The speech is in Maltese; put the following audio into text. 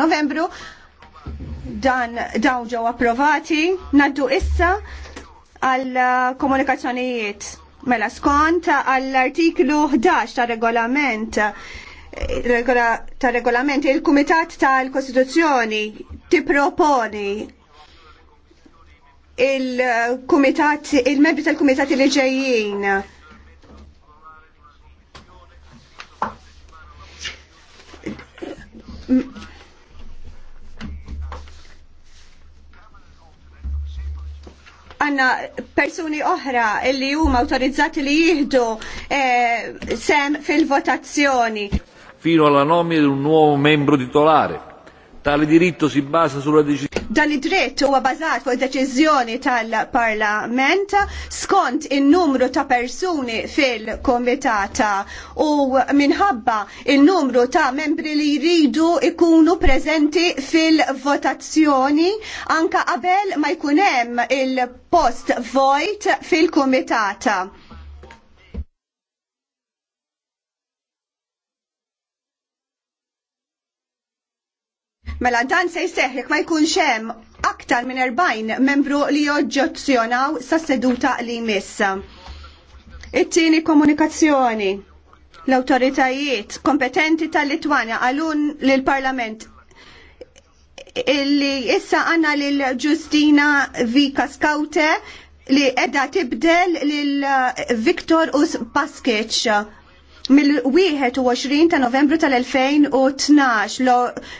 Novembru dan dawn ġew approvati naddu issa għal komunikazzjonijiet mela skont għall-artiklu 11 ta' regolament ta' regolament il-Kumitat tal-Kostituzzjoni tipproponi il-Kumitat il-membri tal-Kumitat li ġejjin il għanna persuni oħra illi huma autorizzati li jihdu eh, sem fil-votazzjoni. Fino alla nomina di un nuovo membro titolare. Tale diritto si basa sulla decisione Dan id-dritt huwa bażat fuq deċiżjoni tal-Parlament skont in-numru ta' persuni fil-komitata u minħabba il-numru ta' membri li jridu ikunu preżenti fil-votazzjoni anka qabel ma jkun hemm il-post vojt fil-komitata. Mela dan se jseħħ ma jkunx hemm aktar minn 40 membru li joġġozzjonaw sa seduta li jmiss. It-tieni komunikazzjoni l-autoritajiet kompetenti tal litwania għalun l-Parlament illi issa għanna l-Ġustina Vika Skaute li edha tibdel l-Viktor Us Baskic mill-21 ta' novembru tal-2012